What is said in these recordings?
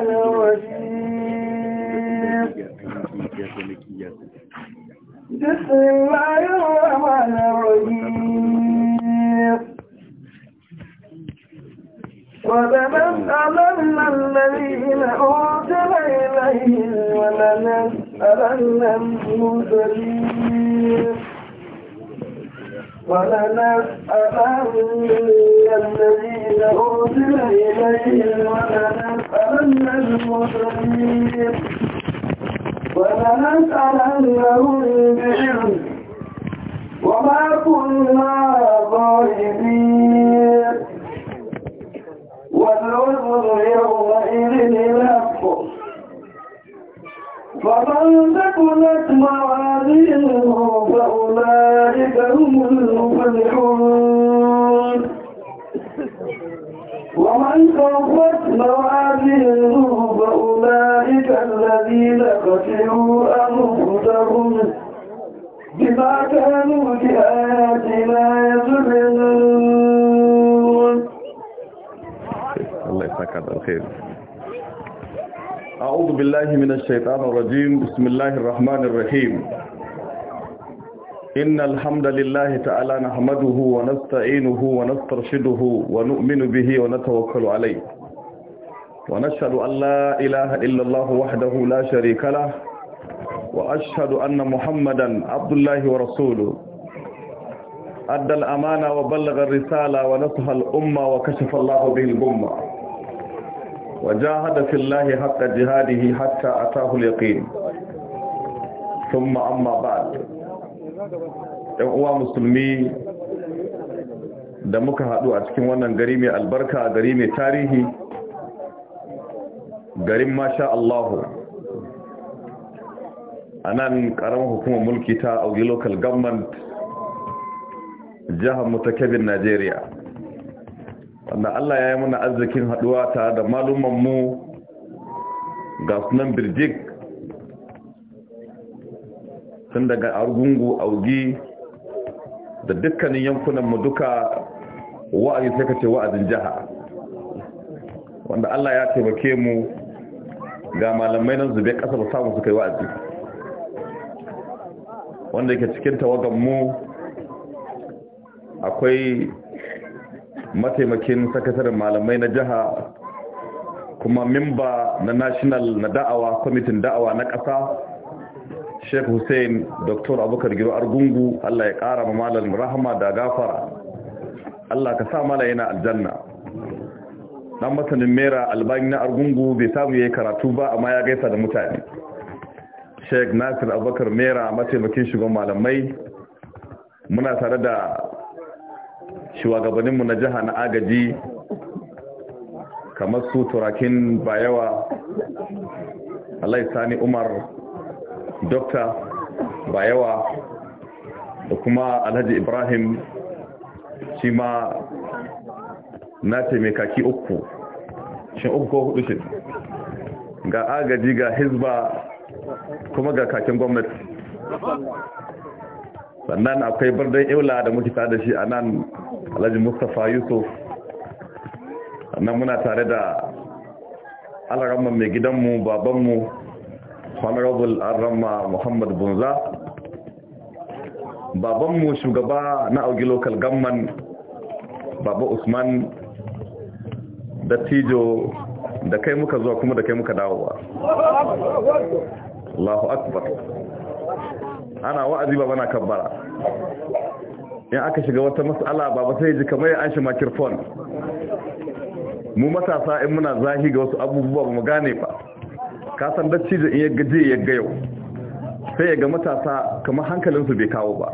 الرجيم فمن ثقلت موازينه فأولئك هم المفلحون ومن خفت موازينه فأولئك الذين خسروا أنفسهم بما كانوا بآياتنا يظلمون الله يسعدك على الخير أعوذ بالله من الشيطان الرجيم بسم الله الرحمن الرحيم إن الحمد لله تعالى نحمده ونستعينه ونسترشده ونؤمن به ونتوكل عليه ونشهد أن لا إله إلا الله وحده لا شريك له وأشهد أن محمدا عبد الله ورسوله أدى الأمانة وبلغ الرسالة ونصح الأمة وكشف الله به الأمة وجاهد في الله حق جهاده حتى أتاه اليقين ثم أما بعد uwa musulmi da muka haɗu a cikin wannan gari mai albarka gari mai tarihi garin masha Allahu a nan ƙaramin hukumar mulki ta auge lokal government jihar mu ta mutakabin Najeriya. wanda Allah ya yi mana arzikin haɗuwa tare da mu ga sunan birjik tun daga argungu augi da dukkanin yankunanmu duka wa'azi sai ka ce wa'azin jiha wanda Allah ya taimake mu ga malamai nan zube ƙasa ba samu su kai wa'azi wanda yake cikin tawagan mu akwai mataimakin sakataren malamai na jiha kuma mimba na national na da'awa kwamitin da'awa na ƙasa sheik hussein dr abubakar giro argungu allah ya ƙara ma malam rahama da gafara allah ka sa mala yana aljanna dan masanin mera albani na argungu bai samu ya yi karatu ba amma ya gaisa da mutane sheik nasir abubakar mera mataimakin shugaban malamai muna tare da shugabanninmu na jiha na agaji kamar su turakin bayawa Allah sani umar dokta bayawa da kuma alhaji ibrahim shi ma na taimakaki uku shi uku ko hudu shi ga agaji ga hizba kuma ga kakin gwamnati sannan akwai birnin iula da muke tare da shi a nan alhaji mustapha yusuf sannan muna tare da alarama mai gidanmu babanmu honorable alarama muhammad bunza babanmu shugaba na augi local gamman baba usman da tijo da kai muka zuwa kuma da kai muka dawowa Allahu akbar ana wa'azi ba bana kabbara in aka shiga wata mas'ala ba ba sai ji kamar an shi makirfon mu matasa in muna zahi ga wasu abubuwa ba mu gane ba ka san da da in ya gaje ya ga yau sai ya ga matasa kamar hankalinsu bai kawo ba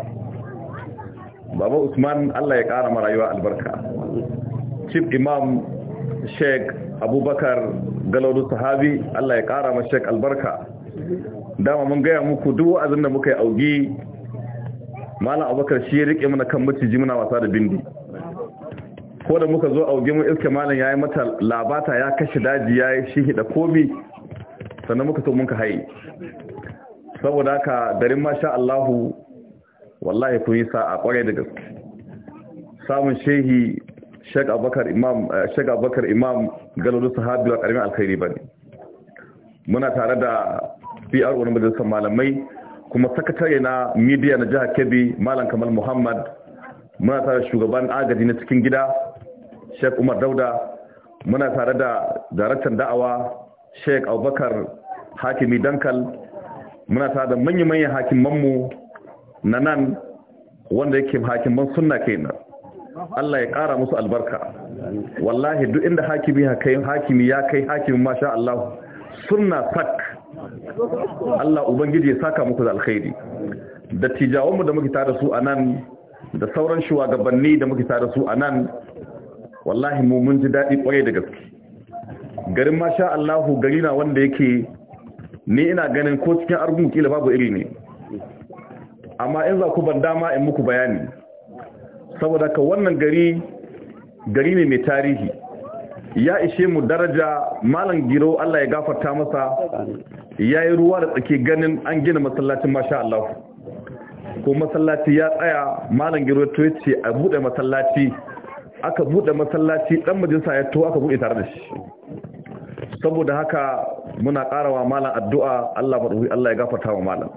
baba usman allah ya kara ma rayuwa albarka chief imam sheik abubakar galaudu sahabi allah ya kara ma sheik albarka dama mun gaya muku duk wa'azin da muka yi auge malam abubakar shi ya rike mana kan maciji muna wasa da bindi ko da muka zo auge mu iske malam ya yi mata labata ya kashe daji ya yi shi hida komi sannan muka mun muka haye saboda haka garin masha Allahu wallahi kun yi sa'a kwarai da gaske samun shehi shek Abubakar Imam eh, Sheikh Abakar Imam sahabi wa karimin alkhairi bane muna tare da PR wani majalisar malamai kuma sakatare na media na jihar Kebbi Malam Kamal Muhammad muna tare shugaban agaji na cikin gida Sheikh Umar Dauda muna tare da daraktan da'awa Sheikh Abubakar Hakimi Dankal muna tare da manya-manyan hakimanmu na nan wanda yake hakiman sunna kenan Allah ya kara musu albarka wallahi duk inda hakimi hakimi ya kai hakimin masha Allah sunna sak Allah ubangiji ya saka muku da alkhairi dattijawanmu da muke tare su nan, da sauran shugabanni da muke tare su nan, wallahi mu mun ji daɗi ƙwarai da gaske garin masha Allahu gari na wanda yake ni ina ganin ko cikin argungu kila babu iri ne amma in za ku ban dama in muku bayani saboda ka wannan gari gari ne mai tarihi ya ishe mu daraja malam giro Allah ya gafarta masa ya yi ruwa da tsaki ganin an gina masallacin masha Allah ko masallaci ya tsaya malam giro to ce a buɗe masallaci aka buɗe masallaci ɗan majinsa ya to aka buɗe tare da shi saboda haka muna karawa malam addu'a Allah Allah ya gafarta wa malam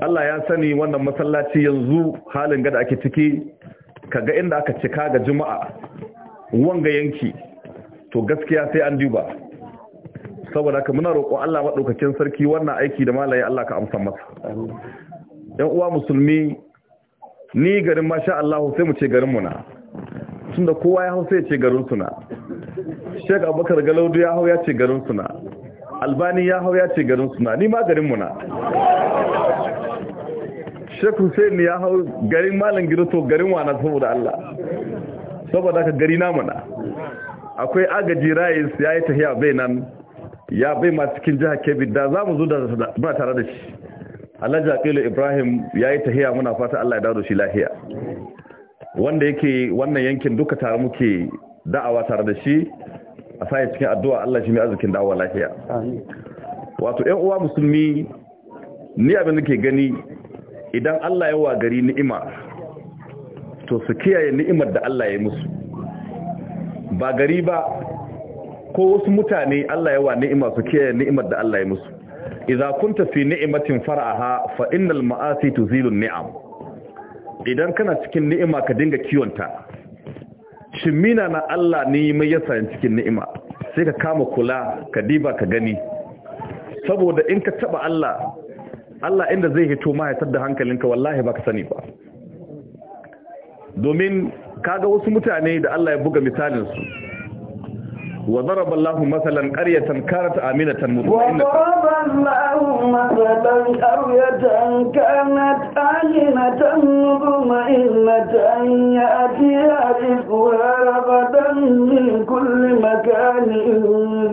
Allah ya sani wannan masallaci yanzu halin gada ake ciki kaga inda aka cika ga juma'a wanga yanki to gaskiya sai an duba saboda ka muna roƙo Allah maɗaukakin sarki wannan aiki da malaye Allah ka amsa masa yan uwa musulmi ni garin masha Allah sai mu ce garin muna, na tunda kowa ya hau sai ce garin suna, na Sheikh Abubakar Galaudu ya hau ya ce garin suna, na Albani ya hau ya ce garin suna, na ni ma garin muna. na Sheikh Hussein ya hau garin Malam to garin wa na saboda Allah saboda ka gari namu na akwai agaji rais ya yi tahiya bai nan ya bai ma cikin jiha kebbi da za mu zo da ba tare da shi alhaji aqilu ibrahim ya yi tahiya muna fata allah ya dawo da shi lahiya wanda yake wannan yankin duka tare muke da'awa tare da shi a sa cikin addu'a allah shi mai arzikin da'awa lahiya wato 'yan uwa musulmi ni abin da ke gani idan allah ya wa gari ni'ima to su kiyaye ni'imar da allah ya musu ba gari ba ko wasu mutane Allah yawa ni'ima su ke ni'imar da Allah ya musu idza kunta fi ni'matin far'aha fa innal ma'asi tuzilu ni'am idan kana cikin ni'ima ka dinga kiwonta mina na Allah ne mai yasa cikin ni'ima sai ka kama kula ka diba ka gani saboda in ka taba Allah Allah inda zai hito ma ya da hankalinka wallahi baka sani ba domin kaga wasu mutane da Allah ya buga misalin su وضرب الله مثلا قرية كانت آمنة مطمئنة وضرب الله مثلا قرية كانت آمنة مطمئنة يأتيها رزقها رغدا من كل مكان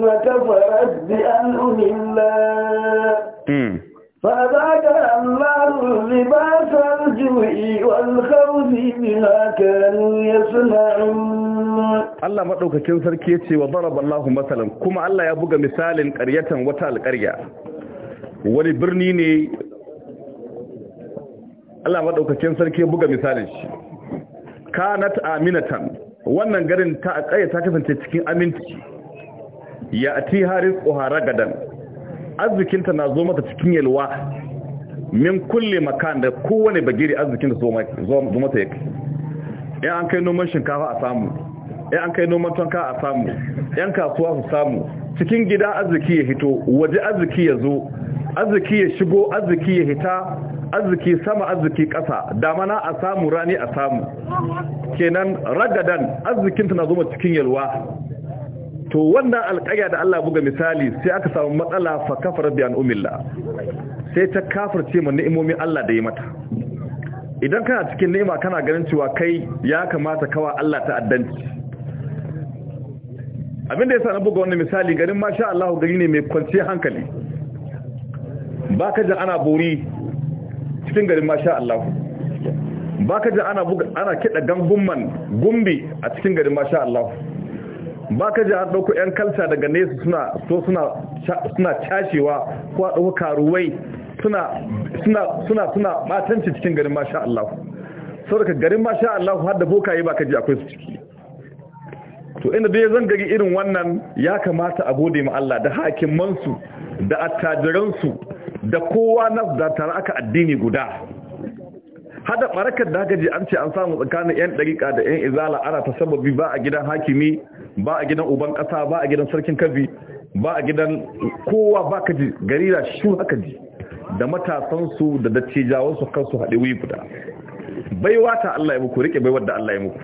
فكفرت بأنعم الله فذاك أمار لباس الجوع والخوف بما كانوا يسمعون Allah maɗaukakin sarki ce wa Allah matsalan kuma Allah ya buga misalin ƙaryatan wata alƙarya wani birni ne Allah maɗaukakin sarki ya buga misalin shi Ka kanat aminatan wannan garin ta ƙayyata kasance cikin aminci ya ti harin ƙuhara gadan arzikinta na zo mata cikin yalwa min kulle makan da kowane bagiri arzikinta zo mata ya kai an kai noman shinkafa a samu in an kai noman tonka a samu yan kasuwa su samu cikin gida arziki ya hito waje arziki ya zo arziki ya shigo arziki ya hita arziki sama arziki ƙasa damana a samu rani a samu kenan ragadan arzikinta na zo mata cikin yalwa to wannan alƙarya da Allah buga misali sai aka samu matsala fa kafara bi umilla, sai ta kafirce mu ni'imomin Allah da yi mata idan kana cikin ni'ima kana ganin cewa kai ya kamata kawa Allah ta ta'addanci abin da yasa na buga wannan misali garin sha Allah gari ne mai kwance hankali Ba ka jin ana bori cikin garin sha Allah ka jin ana ana kida gangun gumbi a cikin garin sha Allah ba ka ji an ɗauko 'yan kalca daga nesa suna so suna cashewa ko a ɗauko karuwai suna suna matanci cikin garin masha Allah sau daga garin masha Allah har da yi ba ka ji akwai su ciki to inda dai zan gari irin wannan ya kamata a gode ma Allah da hakimansu da attajiransu da kowa na da tare aka addini guda hada barakar da haka an ce an samu tsakanin 'yan dariƙa da 'yan izala ana ta sababi ba a gidan hakimi ba a gidan uban kasa ba a gidan sarkin kabi ba a gidan kowa ba ka ji gari da shi haka ji da matasansu da dattijawansu kansu haɗe wuyi guda baiwa ta Allah ya muku rike baiwar da Allah ya muku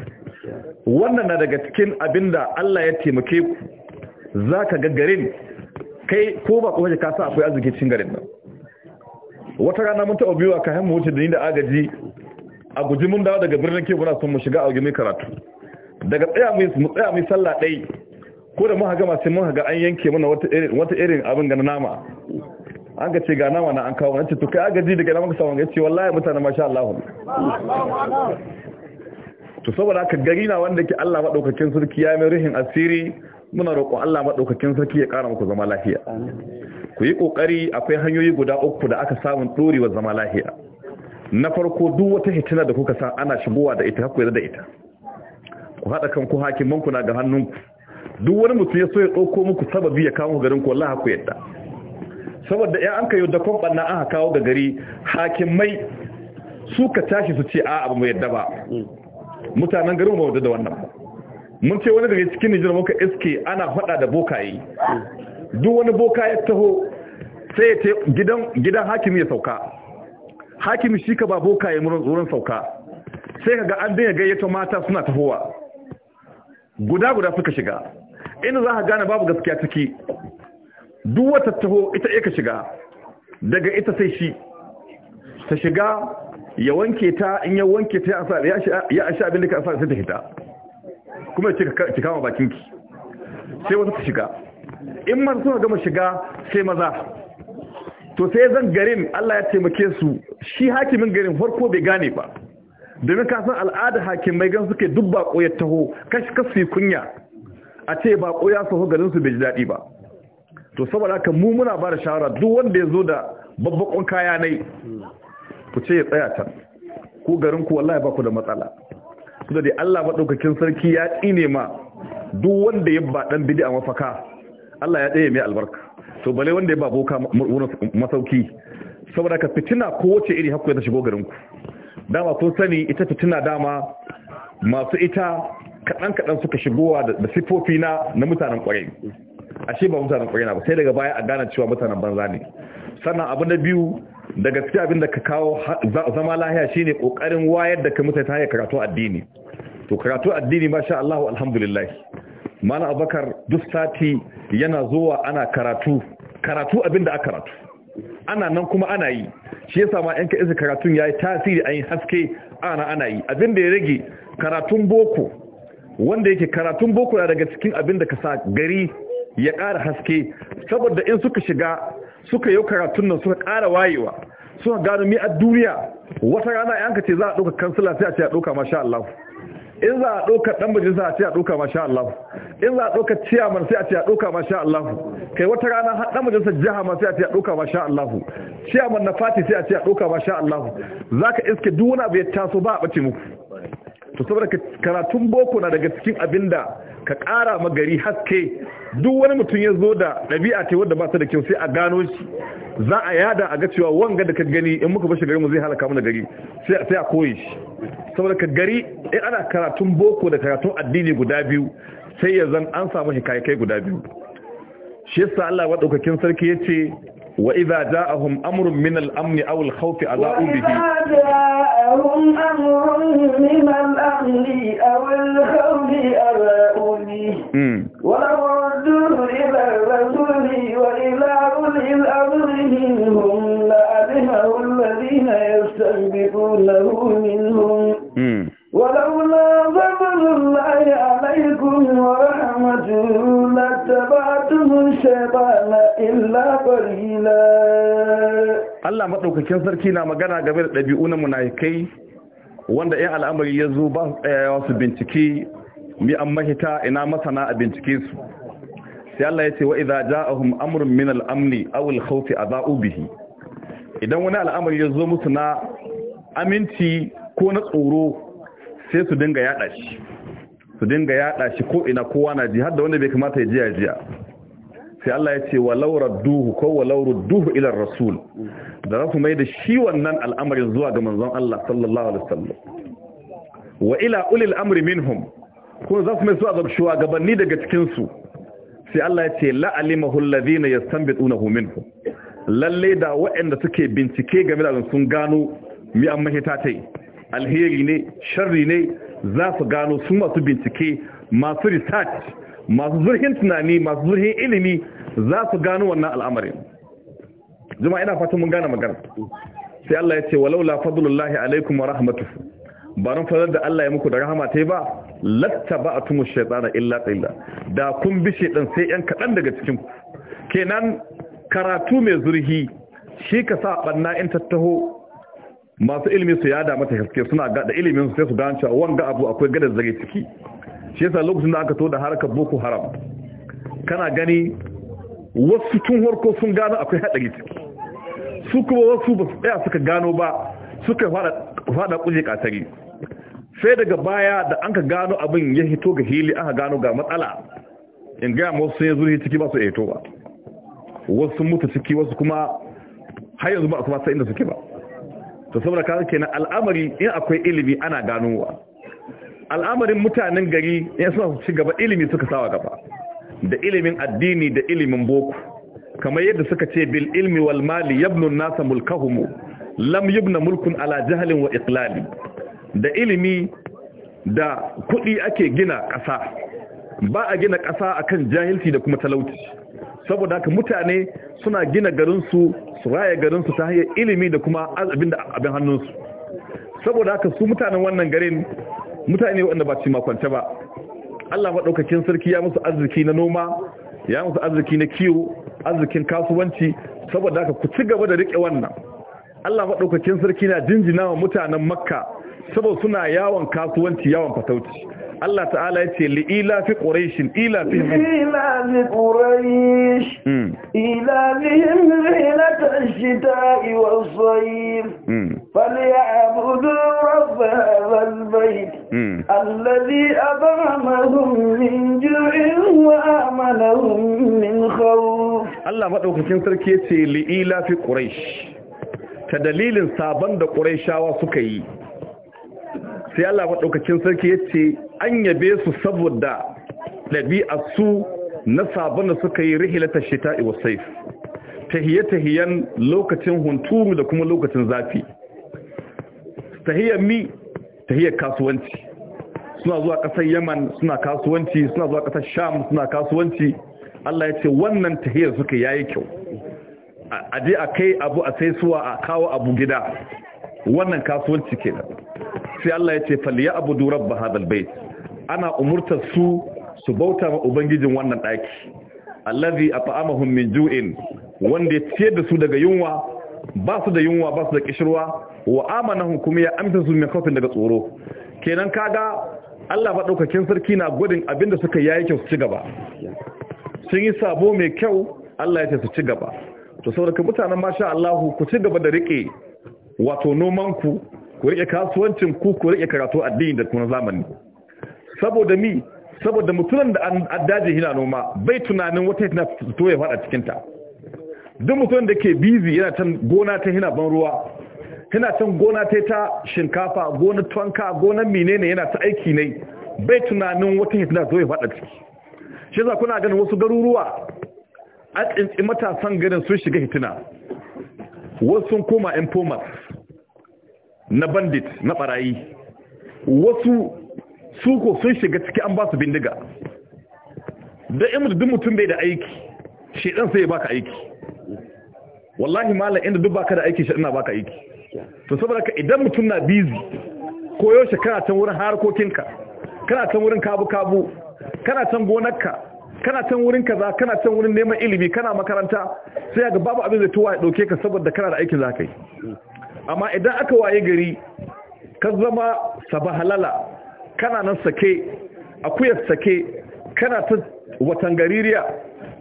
wannan na daga cikin abinda Allah ya taimake ku za ka ga garin kai ko ba kuma ka sa akwai arziki cikin garin nan wata rana mun taɓa biyuwa ka hannu wuce da ni da agaji a guji mun dawo daga birnin ke muna son mu shiga a gumi karatu daga tsaya mu tsaya mu sallah dai ko da muka gama sai muka ga an yanke mana wata irin wata irin abin ga nama an ga ce ga nama na an kawo nace to kai ji daga nama ka samu ga ce wallahi mutane masha Allah to saboda haka gari na wanda ke Allah madaukakin sarki ya mai ruhin asiri muna roƙon Allah madaukakin sarki ya ƙara muku zama lafiya ku yi kokari akwai hanyoyi guda uku da aka samu dorewa zama lafiya na farko duk wata hitina da kuka san ana shigowa da ita hakuwa da ita ku haɗa kanku hakimanku na ga hannunku duk wani mutum ya so ya ɗauko muku sababi ya kawo garin ku wallahi ku yadda saboda ya an ka da kwamban na aka kawo ga gari hakimai suka tashi su ce a abu mai yadda ba mutanen garin ba wadda da wannan ba mun ce wani daga cikin nijar muka sk ana faɗa da bokaye duk wani boka ya taho sai ya ce gidan hakimi ya sauka hakimi shi ka ba bokaye wurin sauka sai ka ga an dinga gayyato mata suna tahowa guda guda suka shiga inda za ka gane babu gaskiya ciki duk wata taho ita ya ka shiga daga ita sai shi ta shiga ya wanke ta in ya wanke ta ya asha abin da ka asa sai ta hita kuma ya cika kama bakinki sai wata ta shiga in ma suna gama shiga sai maza to sai zan garin Allah ya taimake su shi hakimin garin farko bai gane ba domin ka san al'ada hakimai gan suke duk bako ya taho kashi kasu kunya a ce bako ya saho garin su bai ji daɗi ba to saboda haka mu muna ba da shawara duk wanda ya zo da babbakon kaya nai ku ce ya tsaya can ko garin ku wallahi ba ku da matsala su da dai Allah maɗaukakin sarki ya tsine ma duk wanda ya ba ɗan bidi a mafaka Allah ya tsaye mai albarka to bale wanda ya ba boka masauki saboda ka fitina ko wace iri hakku ya ta shigo garin ku dama sun sani ita fitina dama masu ita kaɗan-kaɗan suka shigowa da sifofi na na mutanen ƙwarai ashe ba mutanen ƙwarai na ba sai daga baya a gane cewa mutanen banza ne sannan abu na biyu da gaske abin da ka kawo zama lahiya shine ƙoƙarin wayar da ka mutane ta hanyar karatu addini to karatu addini sha Allahu alhamdulillah malam abakar duk sati yana zuwa ana karatu karatu abin da aka karatu ana nan kuma ana yi shi yasa ma yanka isa karatun ya yi tasiri ayin haske ana ana yi abin da ya rage karatun boko wanda yake karatun boko na daga cikin abin da ka sa gari ya ƙara haske saboda in suka shiga suka yau karatun nan suka kara wayewa suka gano mi a duniya wata rana yanka ce za a ɗauka kansila sai a ce a ɗauka masha Allah in za a ɗauka ɗan majalisa a ce a ɗauka masha Allah in za a ɗauka ciyaman sai a ce a ɗauka masha Allah kai wata rana ɗan sa jiha ma sai a ce a ɗauka masha Allah ciyaman na fati sai a ce a ɗauka masha Allah za ka iske duk wani abu ya taso ba a ɓace muku to saboda karatun boko na daga cikin abinda ka kara magari haske duk wani mutum ya zo da ɗabi'a ce wadda ba ta da kyau sai a gano shi za a yada a ga cewa wanga da ka gani in muka bashi gari mu zai halaka mana gari sai a koyi shi saboda ka gari in eh, ana karatun boko da karatun addini guda biyu sai ya zan an samu hikayakai guda biyu shi yasa Allah wa daukakin sarki yace وإذا جاءهم أمر من الأمن أو الخوف أذاعوا به وإذا جاءهم أمر من الأمن أو الخوف أذاعوا به ولو ردوه إلى الرسول وإلى أولي الأمر منهم لعلمه الذين يستنبطونه منهم ولولا فضل الله عليكم ورحمته allah شيطان sarki na magana game da ɗabi'u na munayakai wanda 'yan al'amari ya zo ba 'ya'ya su bincike mi an mahita ina masana a bincike su sai Allah ya ce wa idza ja'ahum amrun min al-amni aw al-khawf adha'u bihi idan wani al'amari ya zo musu na aminci ko na tsoro sai su dinga yada shi su dinga yada shi ko ina kowa na ji har da wanda bai kamata ya ji ya jiya sai Allah ya ce walau radduhu ko walau radduhu ila rasul da za su mai da shi wannan al'amarin zuwa ga manzon Allah sallallahu alaihi wasallam wa ila ulil amri minhum ko za su mai zuwa ga shugabanni daga cikin su sai Allah ya ce la alimahu alladhina yastanbitunahu minhum lalle da waɗanda suke bincike game da sun gano mi an mahita tai alheri ne sharri ne za su gano su masu bincike masu research masu zurhin tunani masu zurhin ilimi za su gano wannan al'amarin jama'a ina fatan mun gane magana sai Allah ya ce walaula fadlullahi alaikum wa rahmatuhu ba na fadar da Allah ya muku da rahama tai ba lattaba'tumu shaytana illa qilla da kun bi shaytan sai yan kadan daga cikin ku kenan karatu mai zurhi shi ka sa banna in tattaho masu ilimi su yada mata haske suna ga da ilimin su sai su gancewa a wanga abu akwai gadar zage ciki shi yasa lokacin da aka to da harkar boko haram kana gani wasu tun harko sun gano akwai haɗari ciki su kuma wasu ba su tsaya suka gano ba suka fada kuje katari sai daga baya da an ka gano abin ya hito ga hili aka gano ga matsala in gaya wasu sun yi ciki ba su ya hito ba wasu mutu ciki wasu kuma har yanzu ba su ba inda suke ba to saboda kake kenan al'amari in akwai ilimi ana ganowa al'amarin mutanen gari ya suna ci gaba ilimi suka sawa gaba da ilimin addini da ilimin boko kamar yadda suka ce bil ilmi wal mali yabnu nasa mulkahum lam yubna mulkun ala jahlin wa iqlali da ilimi da kuɗi ake gina ƙasa ba a gina ƙasa akan jahilci da kuma talauci saboda haka mutane suna gina garinsu su raya garinsu ta hanyar ilimi da kuma abin da abin hannunsu saboda haka su mutanen wannan garin mutane waɗanda ba ci makwance ba Allah maɗaukakin sarki ya musu arziki na noma ya musu arziki na kiwo arzikin kasuwanci saboda haka ku ci gaba da riƙe wannan Allah maɗaukakin sarki na jinjina wa mutanen makka saboda suna yawon kasuwanci yawon fatauci Allah ta'ala ya ce li'ila fi ƙureshin ila fi hmm. hmm. hmm. Allah sarki ya ce li'ila fi ƙuresh ta dalilin sabon da ƙureshawa suka yi sai Allah maɗaukacin sarki ya ce an yabe su saboda ɗabi'a su na sabon da suka yi rihilatar shita iwa saif tahiye-tahiyen lokacin hunturu da kuma lokacin zafi tahiyar mi tahiyar kasuwanci suna zuwa ƙasar yaman suna kasuwanci suna zuwa ƙasar sham suna kasuwanci Allah ya ce wannan tahiyar suka yayi kyau a je a kai abu a sai suwa a kawo abu gida wannan kasuwanci kenan sai Allah ya ce falliya durar rabba hadal bai. ana umurtar su su bauta ma ubangijin wannan daki allazi at'amahum min ju'in wanda ya ciyar da su daga yunwa ba su da yunwa ba su da kishirwa wa amana kuma ya amsa su min kafin daga tsoro kenan kaga Allah ba ɗaukakin sarki na gudun da suka yayi kyau su ci gaba sun yi sabo mai kyau Allah ya ce su ci gaba to saboda mutanen masha allahu ku ci gaba da riƙe. wato noman ku ku rike kasuwancin ku ku rike karatu addini da kuma zamani saboda mi saboda mutumin da an addaji hina noma bai tunanin wata hina to ya fada cikin ta duk mutumin da ke busy yana can gona ta hina ban ruwa hina can gona ta ta shinkafa gona tuwanka gona menene yana ta aiki ne bai tunanin wata hina to ya fada ciki shi za kuna ganin wasu garuruwa a tsintsi matasan ganin sun shiga hitina wasu sun koma informal na bandit na barayi wasu suko sun shiga ciki an ba su bindiga da imudu mutum bai da aiki shedan sai ya baka aiki wallahi malam inda duk baka da aiki shedan na baka aiki to saboda ka idan mutum na busy ko yaushe kana can wurin harkokinka kana can wurin kabu kabu kana can gonarka kana can wurin kaza kana can wurin neman ilimi kana makaranta sai ga babu abin da tuwa ya dauke ka saboda kana da aikin zakai amma idan aka waye gari ka zama halala kana nan sake akuyar sake kana ta watan gaririya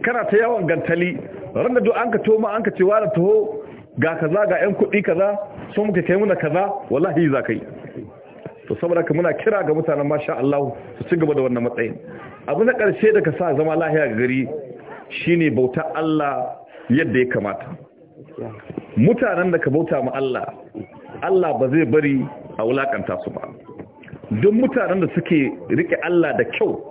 kana ta yawan gantali ranar da an ka toma an ka cewa da taho ga kaza ga yan kuɗi kaza sun muka kai muna kaza wallahi za ka yi to saboda ka muna kira ga mutanen masha Allah su ci gaba da wannan matsayin abu na karshe da ka sa zama lahiya gari shine bautar Allah yadda ya kamata mutanen da ka bauta ma Allah Allah ba zai bari a wulakanta su ba duk mutanen da suke rike Allah da kyau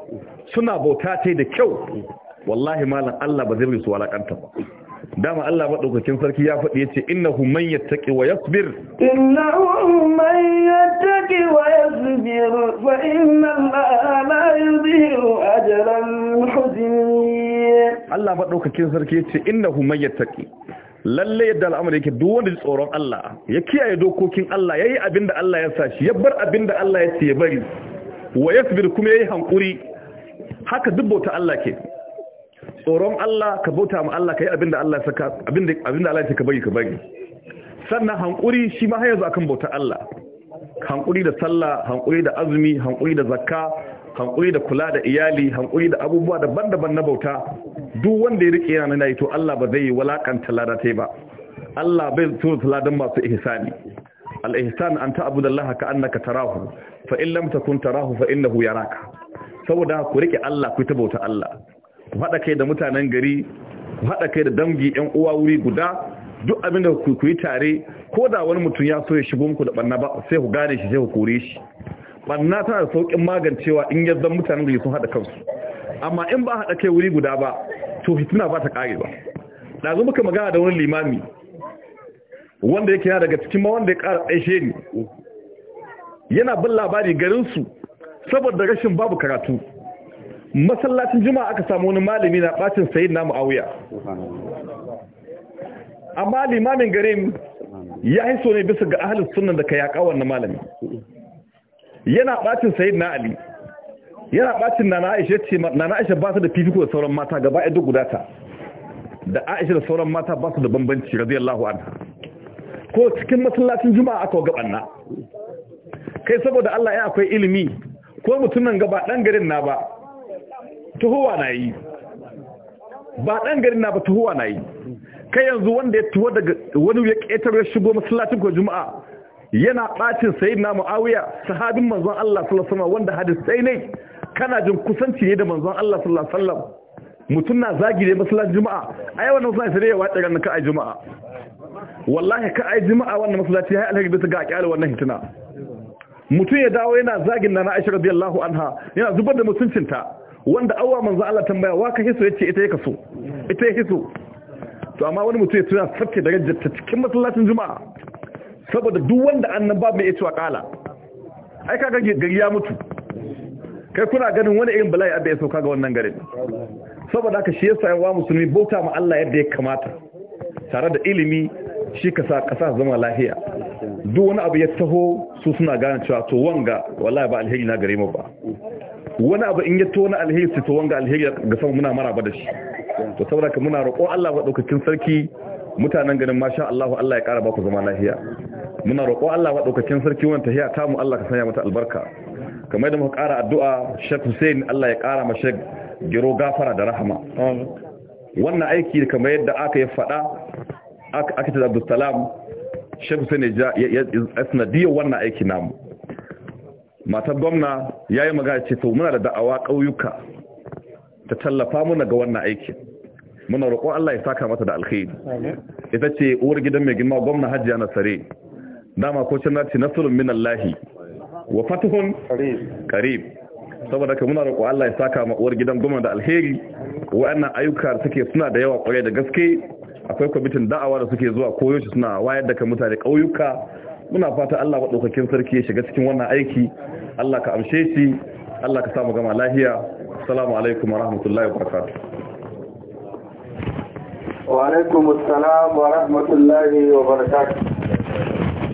suna bauta ta da kyau wallahi malam Allah ba zai bari su wulakanta ba dama Allah maɗaukakin sarki ya faɗi ya ce innahu man yattaqi wa yasbir innahu man yattaqi wa yasbir fa inna Allaha la yudhi'u ajra al-muhsinin Allah maɗaukakin sarki ya ce innahu man yattaqi lalle yadda al'amari yake duk wanda ji tsoron Allah ya kiyaye dokokin Allah yayi abin da Allah ya sa shi ya bar abinda Allah ya ce ya bari wa yasbir kuma yayi hankuri haka duk bauta Allah ke tsoron Allah ka bauta ma Allah kai yi da Allah ya saka abinda Allah ya ce ka bari ka bari sannan hankuri shi ma har yanzu akan bauta Allah hankuri da sallah hankuri da azumi hankuri da zakka hankuri da kula da iyali hankuri da abubuwa daban-daban na bauta duk wanda ya rike yana nayi to Allah ba zai yi walakanta ladatai ba Allah bai tsotsala ladan masu ihsani al-ihsan an ta'budu Allah ka annaka tarahu fa in lam takun tarahu fa innahu yaraka saboda ku rike Allah ku tabauta Allah ku hada kai da mutanen gari ku hada kai da dangi ɗan uwa wuri guda duk abin da ku yi tare ko da wani mutum ya so ya shigo muku da banna ba sai ku gane shi sai ku kore shi banna tana da saukin magancewa in yadda mutanen gari sun hada kansu amma in ba haɗa kai wuri guda ba to fitina ba ta kare ba zo muka magana da wani limami wanda yake daga cikin ma wanda ya kara tsaishe ne. yana bin labari garinsu saboda rashin babu karatu masallacin juma'a aka samu wani malami na bacin sayyid namu a amma limamin garin ya hiso ne bisa ga ahlus sunan da ka wannan malami yana bacin sayyid na ali yana bacin na aisha ce na aisha ba ta da fifiko da sauran mata gaba ya duk gudata da aisha da sauran mata ba su da bambanci radiyallahu anha ko cikin masallacin juma'a aka ga banna kai saboda Allah ya akwai ilimi ko mutum nan gaba dan garin na ba tuhuwa na yi ba dan garin na ba tuhuwa na yi kai yanzu wanda ya tuwa daga wani ya ketar ya shigo masallacin ko juma'a yana bacin sayyidina muawiya sahabin manzon Allah sallallahu alaihi wasallam wanda hadisi ne kana jin kusanci ne da manzon Allah sallallahu alaihi wasallam mutum na zagi ne masallacin juma'a ai wannan sai sai ya wace ran ka ai juma'a wallahi ka ai juma'a wannan masallaci ya alheri bisa ga akyal wannan hitina mutum ya dawo yana zagin nana Aisha radiyallahu anha yana zubar da mutuncinta wanda awwa manzon Allah tambaya wa ka hiso yace ita yake so ita yake so to amma wani mutum ya tura sarki da rajjar ta cikin masallacin juma'a saboda duk wanda annan ba mai yace wa kala ai kaga gari ya mutu kai kuna ganin wani irin bala'i abin ya sauka ga wannan garin saboda haka shi yasa yawa musulmi bauta ma Allah yadda ya kamata tare da ilimi shi ka sa ƙasa zama lahiya duk wani abu ya taho su suna gane cewa to wanga wallahi ba alheri na gare mu ba wani abu in ya taho na alheri su to wanga alheri ga sama muna maraba da shi to saboda haka muna roƙo Allah wa daukakin sarki mutanen ganin masha Allah Allah ya ƙara ba ku zama lahiya muna roƙo Allah wa daukakin sarki wannan tahiya ta mu Allah ka sanya mata albarka kamar da muka ƙara addu'a Sheikh Hussein Allah ya kara ma Sheikh Giro gafara da rahama wannan aiki kamar yadda aka yi faɗa aka ce Abdul Salam Sheikh Hussein ya sanadiya wannan aiki namu matar gwamna yayi magana ce to muna da da'awa ƙauyuka ta tallafa muna ga wannan aikin muna roƙo Allah ya saka mata da alkhairi ita ce uwar gidan mai girma gwamna Hajji nasare dama ko cin nace nasrun minallahi wa fatuhun karib saboda ka muna roƙo Allah ya saka ma uwar gidan goma da alheri wa'annan ayyuka suke suna da yawa kwarai da gaske akwai kwamitin da'awa da suke zuwa koyo suna wayar da kan mutane ƙauyuka muna fata Allah maɗaukakin sarki ya shiga cikin wannan aiki Allah ka amshe shi Allah ka samu gama lahiya assalamu alaikum wa rahmatullahi wa barakatuh wa alaikum assalam wa rahmatullahi wa barakatuh